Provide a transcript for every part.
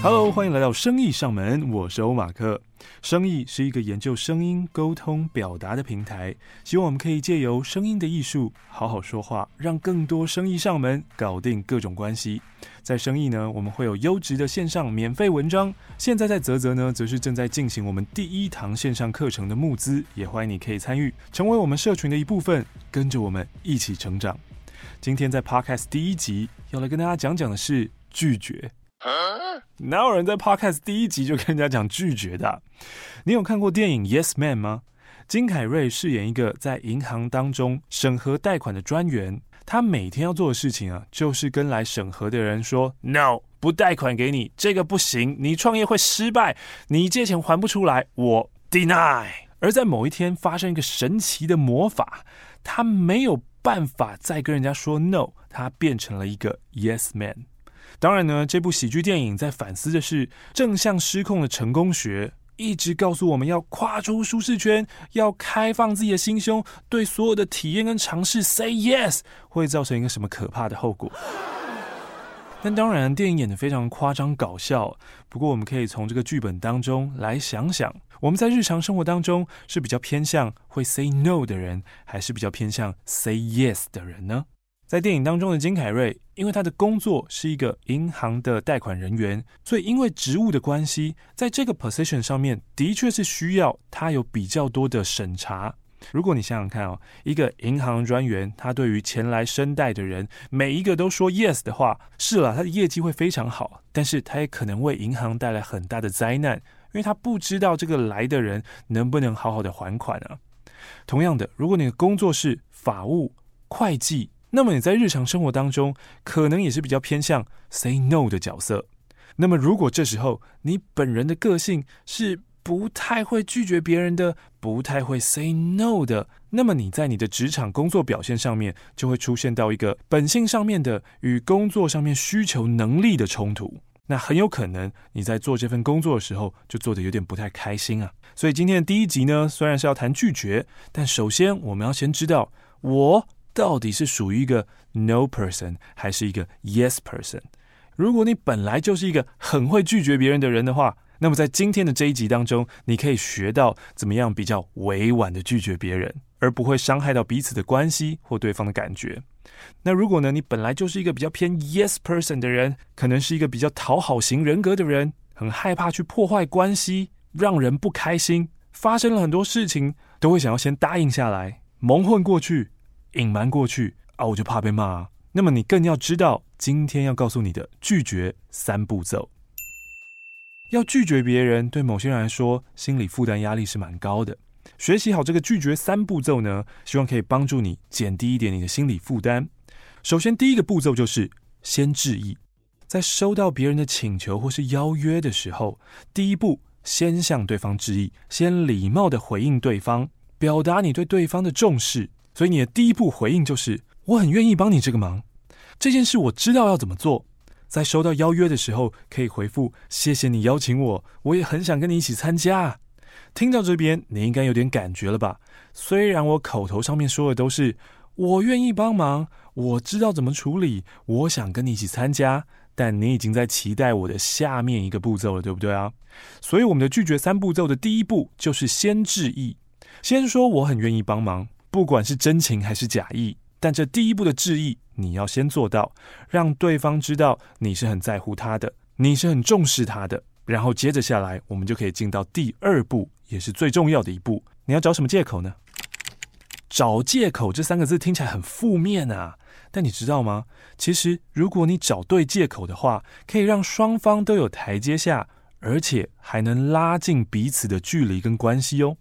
Hello，歡迎來到聲藝上門，我是歐馬克。聲藝是一個研究聲音溝通表達的平台，希望我們可以借由聲音的藝術好好說話，讓更多生意上門，搞定各種關係。在聲藝呢，我們會有優質的線上免費文章。現在在嘖嘖呢，則是正在進行我們第一堂線上課程的募資，也歡迎你可以參與，成為我們社群的一部分，跟着我們一起成長。今天在 Podcast 第一集要來跟大家講講的是拒絕。Huh? 哪有人在 podcast 第一集就跟人家講拒絕的啊？你有看過電影 Yes Man 嗎？金凱瑞飾演一個在銀行當中審核貸款的專員，他每天要做的事情啊，就是跟來審核的人說 No，不貸款給你，這個不行，你創業會失敗，你借錢還不出來，我 deny。而在某一天發生一個神奇的魔法，他沒有辦法再跟人家說 No，他變成了一個 Yes Man。當然呢，這部喜劇電影在反思的是正向失控的成功學，一直告訴我們要跨出舒適圈，要開放自己的心胸，對所有的體驗跟嘗試 say yes，會造成一個什麼可怕的後果。但當然，電影演得非常誇張搞笑。不過，我們可以從這個劇本當中來想想，我們在日常生活當中是比較偏向會 say no 的人，還是比較偏向 say yes 的人呢？在電影當中的金凱瑞，因為他的工作是一個銀行的貸款人員，所以因為職務的關係，在這個 position 上面，的確是需要他有比較多的審查。如果你想想看哦，一個銀行專員，他對於前來申貸的人，每一個都說 yes 的話，是了，他的業績會非常好，但是他也可能為銀行帶來很大的災難，因為他不知道這個來的人能不能好好的還款啊。同樣的，如果你的工作是法務、會計，那麼你在日常生活當中，可能也是比較偏向 say no 的角色。那麼如果這時候你本人的個性是不太會拒絕別人的，不太會 say no 的，那麼你在你的職場工作表現上面，就會出現到一個本性上面的與工作上面需求能力的衝突。那很有可能你在做這份工作的時候，就做得有點不太開心啊。所以今天的第一集呢，雖然是要談拒絕，但首先我們要先知道我到底是屬於一個 No person 還是一個 Yes person？如果你本來就是一個很會拒絕別人的人的話，那麼在今天的這一集當中，你可以學到怎麼樣比較委婉的拒絕別人，而不會傷害到彼此的關係或對方的感覺。那如果呢，你本來就是一個比較偏 Yes person 的人，可能是一個比較討好型人格的人，很害怕去破壞關係，讓人不開心，發生了很多事情，都會想要先答應下來，蒙混過去。隱瞞過去啊，我就怕被罵啊。那麼你更要知道，今天要告訴你的拒絕三步驟。要拒絕別人，對某些人來說，心理負擔壓力是蠻高的。學習好這個拒絕三步驟呢，希望可以幫助你減低一點你的心理負擔。首先，第一個步驟就是先致意。在收到別人的請求或是邀約的時候，第一步先向對方致意，先禮貌地回應對方，表達你對對方的重視。所以你的第一步回應就是，我很願意幫你這個忙，這件事我知道要怎麼做。在收到邀約的時候，可以回復謝謝你邀請我，我也很想跟你一起參加。聽到這邊，你應該有點感覺了吧？雖然我口頭上面說的都是我願意幫忙，我知道怎麼處理，我想跟你一起參加，但你已經在期待我的下面一個步驟了，對不對啊？所以我們的拒絕三步驟的第一步就是先致意，先說我很願意幫忙。不管是真情還是假意，但這第一步的致意，你要先做到，讓對方知道你是很在乎他的，你是很重視他的。然後接着下來，我們就可以進到第二步，也是最重要的一步。你要找什麼借口呢？找借口這三個字聽起來很負面啊，但你知道嗎？其實如果你找對借口的話，可以讓雙方都有台階下，而且還能拉近彼此的距離跟關係哦。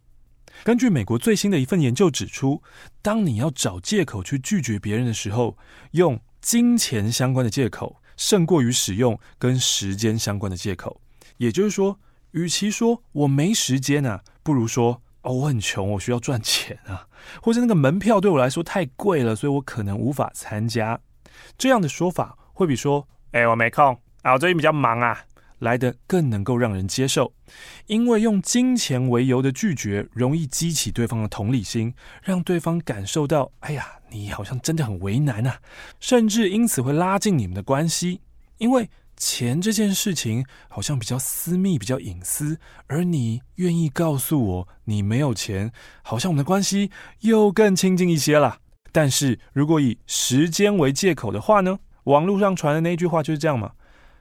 根據美國最新的一份研究指出，當你要找借口去拒絕別人的時候，用金錢相關的借口勝過於使用跟時間相關的借口。也就是說，與其說我沒時間啊，不如說哦，我很窮，我需要賺錢啊，或者那個門票對我來說太貴了，所以我可能無法參加。這樣的說法會比說哎、欸、我沒空啊，我最近比較忙啊。來得更能夠讓人接受，因為用金錢為由的拒絕，容易激起對方的同理心，讓對方感受到“哎呀，你好像真的很為難吶、啊”，甚至因此會拉近你們的關係。因為錢這件事情好像比較私密、比較隱私，而你願意告訴我你沒有錢，好像我們的關係又更親近一些了。但是，如果以時間為借口的話呢？網絡上傳的那句話就是這樣嘛。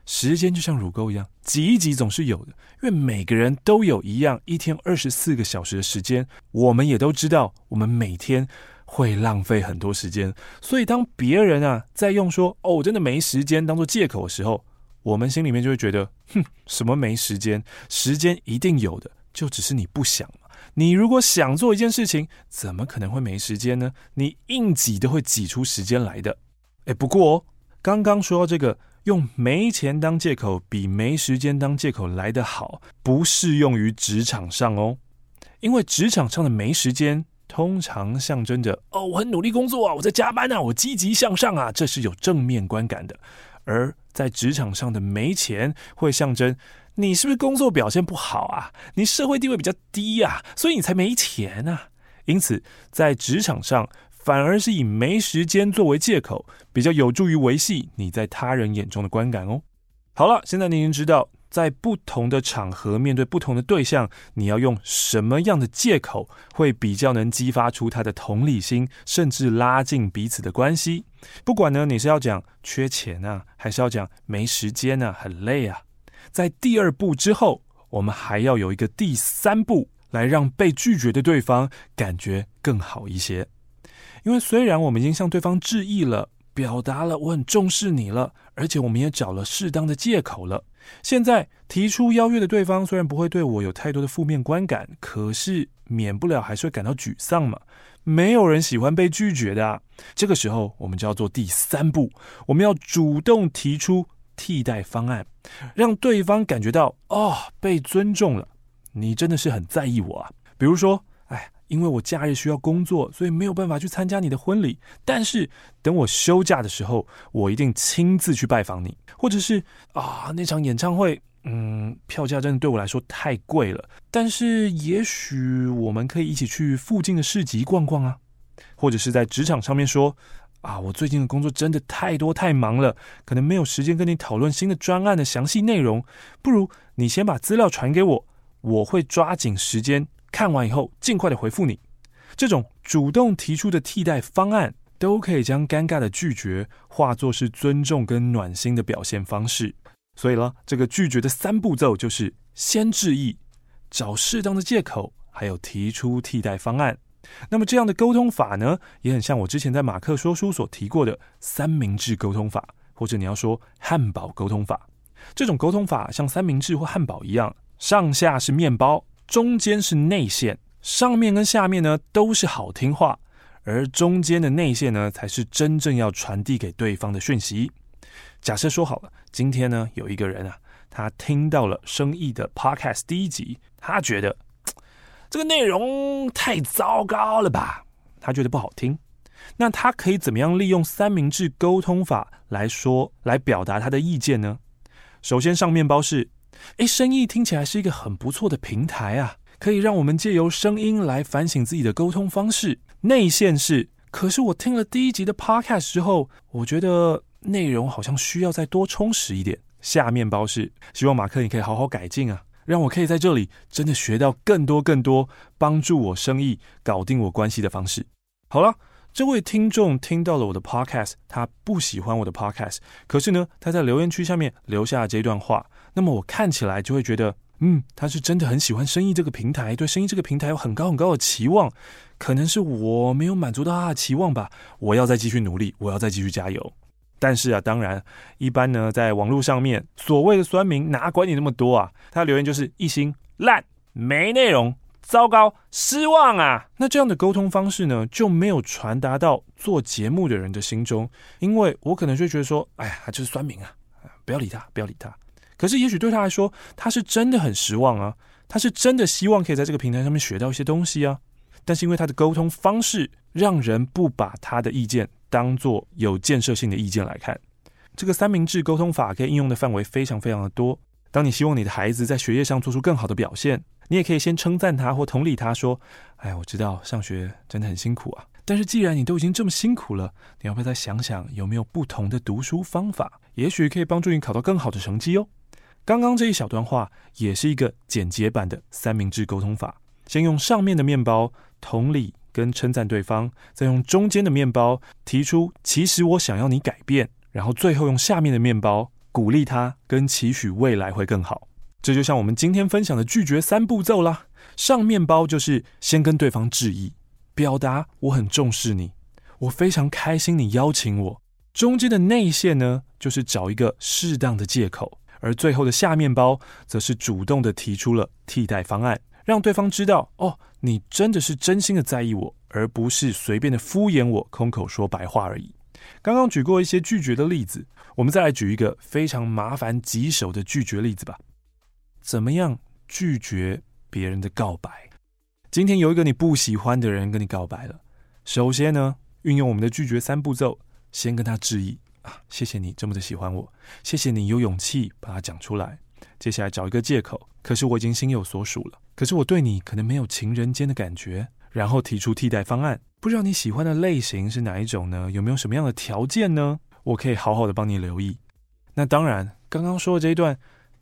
時間就像乳溝一樣，擠一擠總是有的。因為每個人都有一樣一天二十四個小時的時間，我們也都知道，我們每天會浪費很多時間。所以，當別人啊在用說“哦，真的沒時間”當做借口的時候，我們心裡面就會覺得：“哼，什麼沒時間？時間一定有的，就只是你不想嘛。你如果想做一件事情，怎麼可能會沒時間呢？你硬擠都會擠出時間來的。”哎，不過哦，剛剛說到這個。用沒錢當借口比沒時間當借口來得好，不適用於職場上哦。因為職場上的沒時間通常象徵着哦，我很努力工作啊，我在加班啊，我積極向上啊，這是有正面觀感的。而在職場上的沒錢會象徵你是不是工作表現不好啊？你社會地位比較低啊，所以你才沒錢啊。因此，在職場上。反而是以沒時間作為借口，比較有助於維繫你在他人眼中的觀感哦。好了，現在您已經知道，在不同的場合面對不同的對象，你要用什麼樣的借口會比較能激發出他的同理心，甚至拉近彼此的關係。不管呢，你是要講缺錢啊，還是要講沒時間啊，很累啊。在第二步之後，我們還要有一個第三步，來讓被拒絕的對方感覺更好一些。因為雖然我們已經向對方致意了，表達了我很重視你了，而且我們也找了適當的借口了。現在提出邀約的對方雖然不會對我有太多的負面觀感，可是免不了還是會感到沮喪嘛。沒有人喜歡被拒絕的啊。這個時候我們就要做第三步，我們要主動提出替代方案，讓對方感覺到哦，被尊重了，你真的是很在意我啊。比如說。因為我假日需要工作，所以沒有辦法去參加你的婚禮。但是等我休假的時候，我一定親自去拜訪你。或者是啊，那場演唱會，嗯，票價真的對我來說太貴了。但是也許我們可以一起去附近的市集逛逛啊。或者是在職場上面說，啊，我最近的工作真的太多太忙了，可能沒有時間跟你討論新的專案的詳細內容。不如你先把資料傳給我，我會抓緊時間。看完以後，盡快的回復你。這種主動提出的替代方案，都可以將尷尬的拒絕化作是尊重跟暖心的表現方式。所以呢，這個拒絕的三步驟就是：先致意，找適當的借口，還有提出替代方案。那麼這樣的溝通法呢，也很像我之前在《馬克說書》所提過的三明治溝通法，或者你要說漢堡溝通法。這種溝通法像三明治或漢堡一樣，上下是麵包。中間是內線，上面跟下面呢都是好聽話，而中間的內線呢，才是真正要傳遞給對方的訊息。假設說好了，今天呢有一個人啊，他聽到了聲藝的 Podcast 第一集，他覺得這個內容太糟糕了吧，他覺得不好聽。那他可以怎麼樣利用三明治溝通法來說，來表達他的意見呢？首先，上面包是。誒，生意聽起來是一個很不錯的平台啊，可以讓我們借由聲音來反省自己的溝通方式。內線是，可是我聽了第一集的 Podcast 之後，我覺得內容好像需要再多充實一點。下面包是，希望馬克你可以好好改進啊，讓我可以在這裡真的學到更多更多，幫助我生意搞定我關係的方式。好了，這位聽眾聽到了我的 Podcast，他不喜歡我的 Podcast，可是呢，他在留言區下面留下了這段話。那麼我看起來就會覺得，嗯，他是真的很喜歡聲藝這個平台，對聲藝這個平台有很高很高的期望，可能是我沒有滿足到他的期望吧。我要再繼續努力，我要再繼續加油。但是啊，當然，一般呢，在網絡上面，所謂的酸民哪管你那麼多啊，他的留言就是一心爛，沒內容，糟糕，失望啊。那這樣的溝通方式呢，就沒有傳達到做節目的人的心中，因為我可能就覺得說，哎呀，他就是酸民啊，不要理他，不要理他。可是，也許對他來說，他是真的很失望啊！他是真的希望可以在這個平台上面學到一些東西啊！但是因為他的溝通方式，讓人不把他的意見當作有建設性的意見來看。這個三明治溝通法可以應用的範圍非常非常的多。當你希望你的孩子在學業上做出更好的表現，你也可以先稱讚他或同理他說：“哎，我知道上學真的很辛苦啊！但是既然你都已經這麼辛苦了，你要不要再想想有沒有不同的讀書方法？也許可以幫助你考到更好的成績哦！”剛剛這一小段話也是一個簡潔版的三明治溝通法。先用上面的面包，同理跟稱讚對方；再用中間的面包提出，其實我想要你改變；然後最後用下面的面包鼓勵他，跟期許未來會更好。這就像我們今天分享的拒絕三步驟啦。上面包就是先跟對方致意，表達我很重視你，我非常開心你邀請我。中間的內餡呢，就是找一個適當的借口。而最後的下面包，則是主動的提出了替代方案，讓對方知道哦，你真的是真心的在意我，而不是隨便的敷衍我，空口說白話而已。剛剛舉過一些拒絕的例子，我們再來舉一個非常麻煩棘手的拒絕例子吧。怎麼樣拒絕別人的告白？今天有一個你不喜歡的人跟你告白了。首先呢，運用我們的拒絕三步驟，先跟他致意。謝謝你這麼的喜歡我，謝謝你有勇氣把它講出來。接下來找一個借口，可是我已經心有所屬了。可是我對你可能沒有情人間的感覺，然後提出替代方案。不知道你喜歡的類型是哪一種呢？有沒有什麼樣的條件呢？我可以好好的幫你留意。那當然，剛剛說的這一段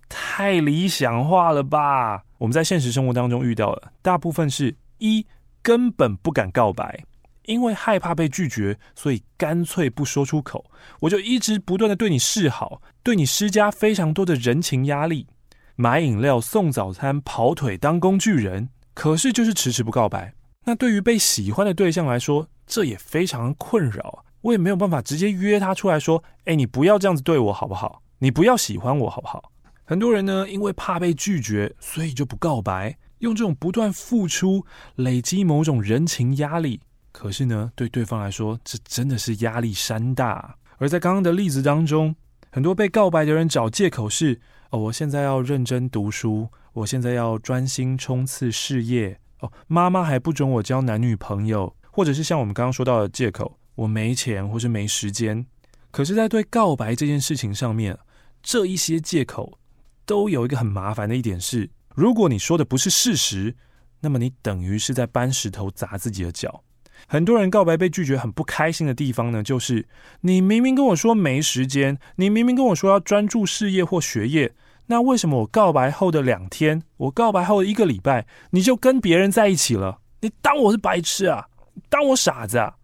太理想化了吧？我們在現實生活當中遇到了，大部分是一根本不敢告白。因為害怕被拒絕，所以乾脆不說出口。我就一直不斷地對你示好，對你施加非常多的人情壓力，買飲料、送早餐、跑腿、當工具人，可是就是遲遲不告白。那對於被喜歡的對象來說，這也非常困擾。我也沒有辦法直接約他出來說：“哎，你不要這樣子對我好不好？你不要喜歡我好不好？”很多人呢，因為怕被拒絕，所以就不告白，用這種不斷付出，累積某種人情壓力。可是呢，對對方來說，這真的是壓力山大。而在剛剛的例子當中，很多被告白的人找借口是：哦，我現在要認真讀書，我現在要專心衝刺事業。哦，媽媽還不准我交男女朋友，或者是像我們剛剛說到的借口，我沒錢，或是沒時間。可是，在對告白這件事情上面，這一些借口都有一個很麻煩的一點是：如果你說的不是事實，那麼你等於是在搬石頭砸自己的腳。很多人告白被拒絕很不開心的地方呢，就是你明明跟我說沒時間，你明明跟我說要專注事業或學業，那為什麼我告白後的兩天，我告白後的一個禮拜，你就跟別人在一起了？你當我是白痴啊，當我傻子啊。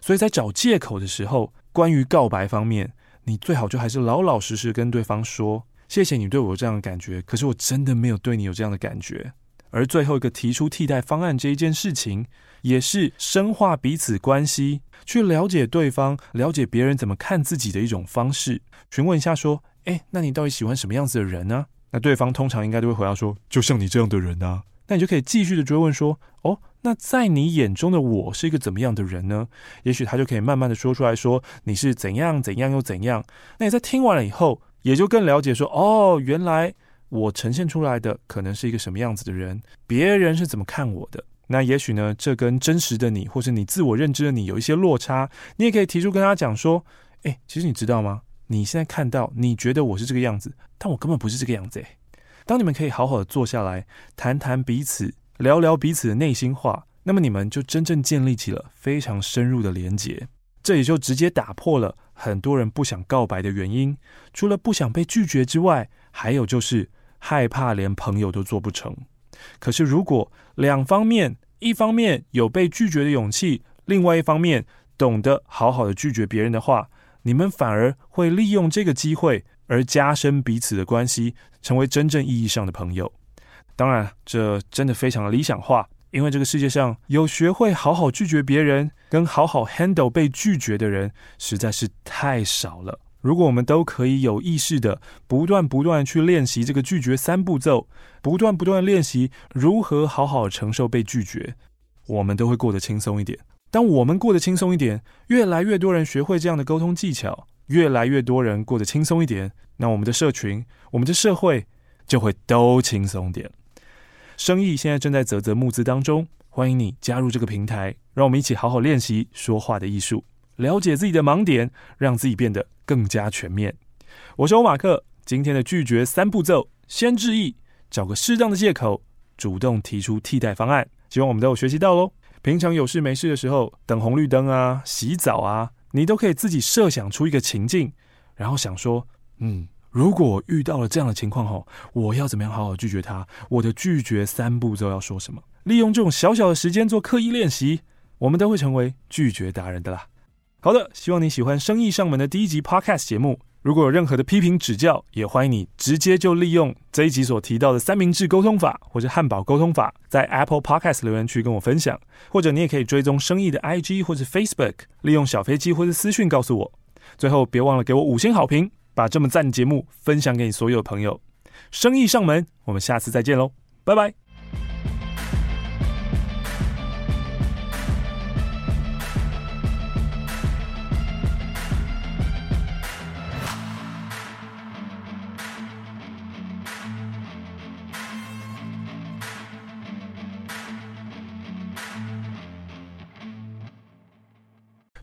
所以在找借口的時候，關於告白方面，你最好就還是老老實實跟對方說，謝謝你對我有這樣的感覺，可是我真的沒有對你有這樣的感覺。而最後一個提出替代方案這一件事情，也是深化彼此關係、去了解對方、了解別人怎麼看自己的一種方式。詢問一下，說：“哎，那你到底喜歡什麼樣子的人呢？”那對方通常應該都會回答說：“就像你這樣的人啊。”那你就可以繼續的追問說：“哦，那在你眼中的我是一個怎麼樣的人呢？”也許他就可以慢慢的說出來說：“你是怎樣怎樣又怎樣。”那你在聽完了以後，也就更了解說：“哦，原來。”我呈現出來的可能是一個什麼樣子的人，別人是怎麼看我的？那也許呢，這跟真實的你，或是你自我認知的你有一些落差。你也可以提出跟他講說：“誒，其實你知道嗎？你現在看到，你覺得我是這個樣子，但我根本不是這個樣子。”誒，當你們可以好好的坐下來，談談彼此，聊聊彼此的內心話，那麼你們就真正建立起了非常深入的連結。這也就直接打破了很多人不想告白的原因，除了不想被拒絕之外，還有就是。害怕連朋友都做不成，可是如果兩方面，一方面有被拒絕的勇氣，另外一方面懂得好好的拒絕別人的話，你們反而會利用這個機會而加深彼此的關係，成為真正意義上的朋友。當然，這真的非常的理想化，因為這個世界上有學會好好拒絕別人，跟好好 handle 被拒絕的人，實在是太少了。如果我們都可以有意識的不斷不斷去練習這個拒絕三步驟，不斷不斷練習如何好好承受被拒絕，我們都會過得輕鬆一點。當我們過得輕鬆一點，越來越多人學會這樣的溝通技巧，越來越多人過得輕鬆一點，那我們的社群，我們的社會就會都輕鬆一點。聲藝現在正在嘖嘖募資當中，歡迎你加入這個平台，讓我們一起好好練習說話的藝術。了解自己的盲點，讓自己變得更加全面。我是歐馬克，今天的拒絕三步驟：先致意，找個適當的借口，主動提出替代方案。希望我們都有學習到嘍。平常有事沒事的時候，等紅綠燈啊，洗澡啊，你都可以自己設想出一個情境，然後想說：嗯，如果遇到了這樣的情況吼，我要怎麼樣好好拒絕他？我的拒絕三步驟要說什麼？利用這種小小的時間做刻意練習，我們都會成為拒絕達人的啦。好的，希望你喜歡《聲藝上門》的第一集 Podcast 節目。如果有任何的批評指教，也歡迎你直接就利用這一集所提到的三明治溝通法或者漢堡溝通法，在 Apple Podcast 留言區跟我分享，或者你也可以追蹤聲藝的 IG 或者 Facebook，利用小飛機或者私訊告訴我。最後，別忘了給我五星好評，把這麼讚的節目分享給你所有的朋友。聲藝上門，我們下次再見嘍，拜拜。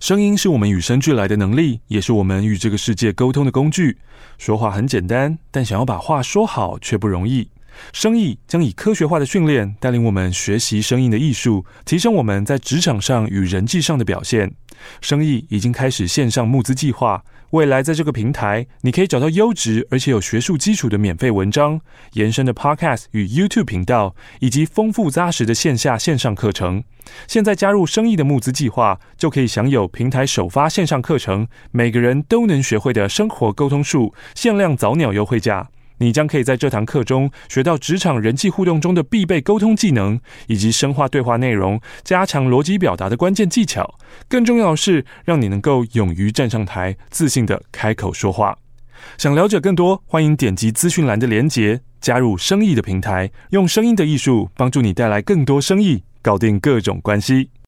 聲音是我們與生俱來的能力，也是我們與這個世界溝通的工具。說話很簡單，但想要把話說好卻不容易。聲藝將以科學化的訓練帶領我們學習聲藝的藝術，提升我們在職場上與人際上的表現。聲藝已經開始線上募資計劃，未來在這個平台，你可以找到優質而且有學術基礎的免費文章，延伸的 Podcast 與 YouTube 頻道，以及豐富扎實的線下線上課程。現在加入聲藝的募資計劃，就可以享有平台首發線上課程，每個人都能學會的生活溝通術，限量早鳥優惠價。你將可以在這堂課中學到職場人際互動中的必備溝通技能，以及深化對話內容、加強邏輯表達的關鍵技巧。更重要的是，讓你能夠勇於站上臺，自信地開口說話。想了解更多，歡迎點擊資訊欄的連結，加入聲藝的平台，用聲音的藝術幫助你帶來更多生意，搞定各種關係。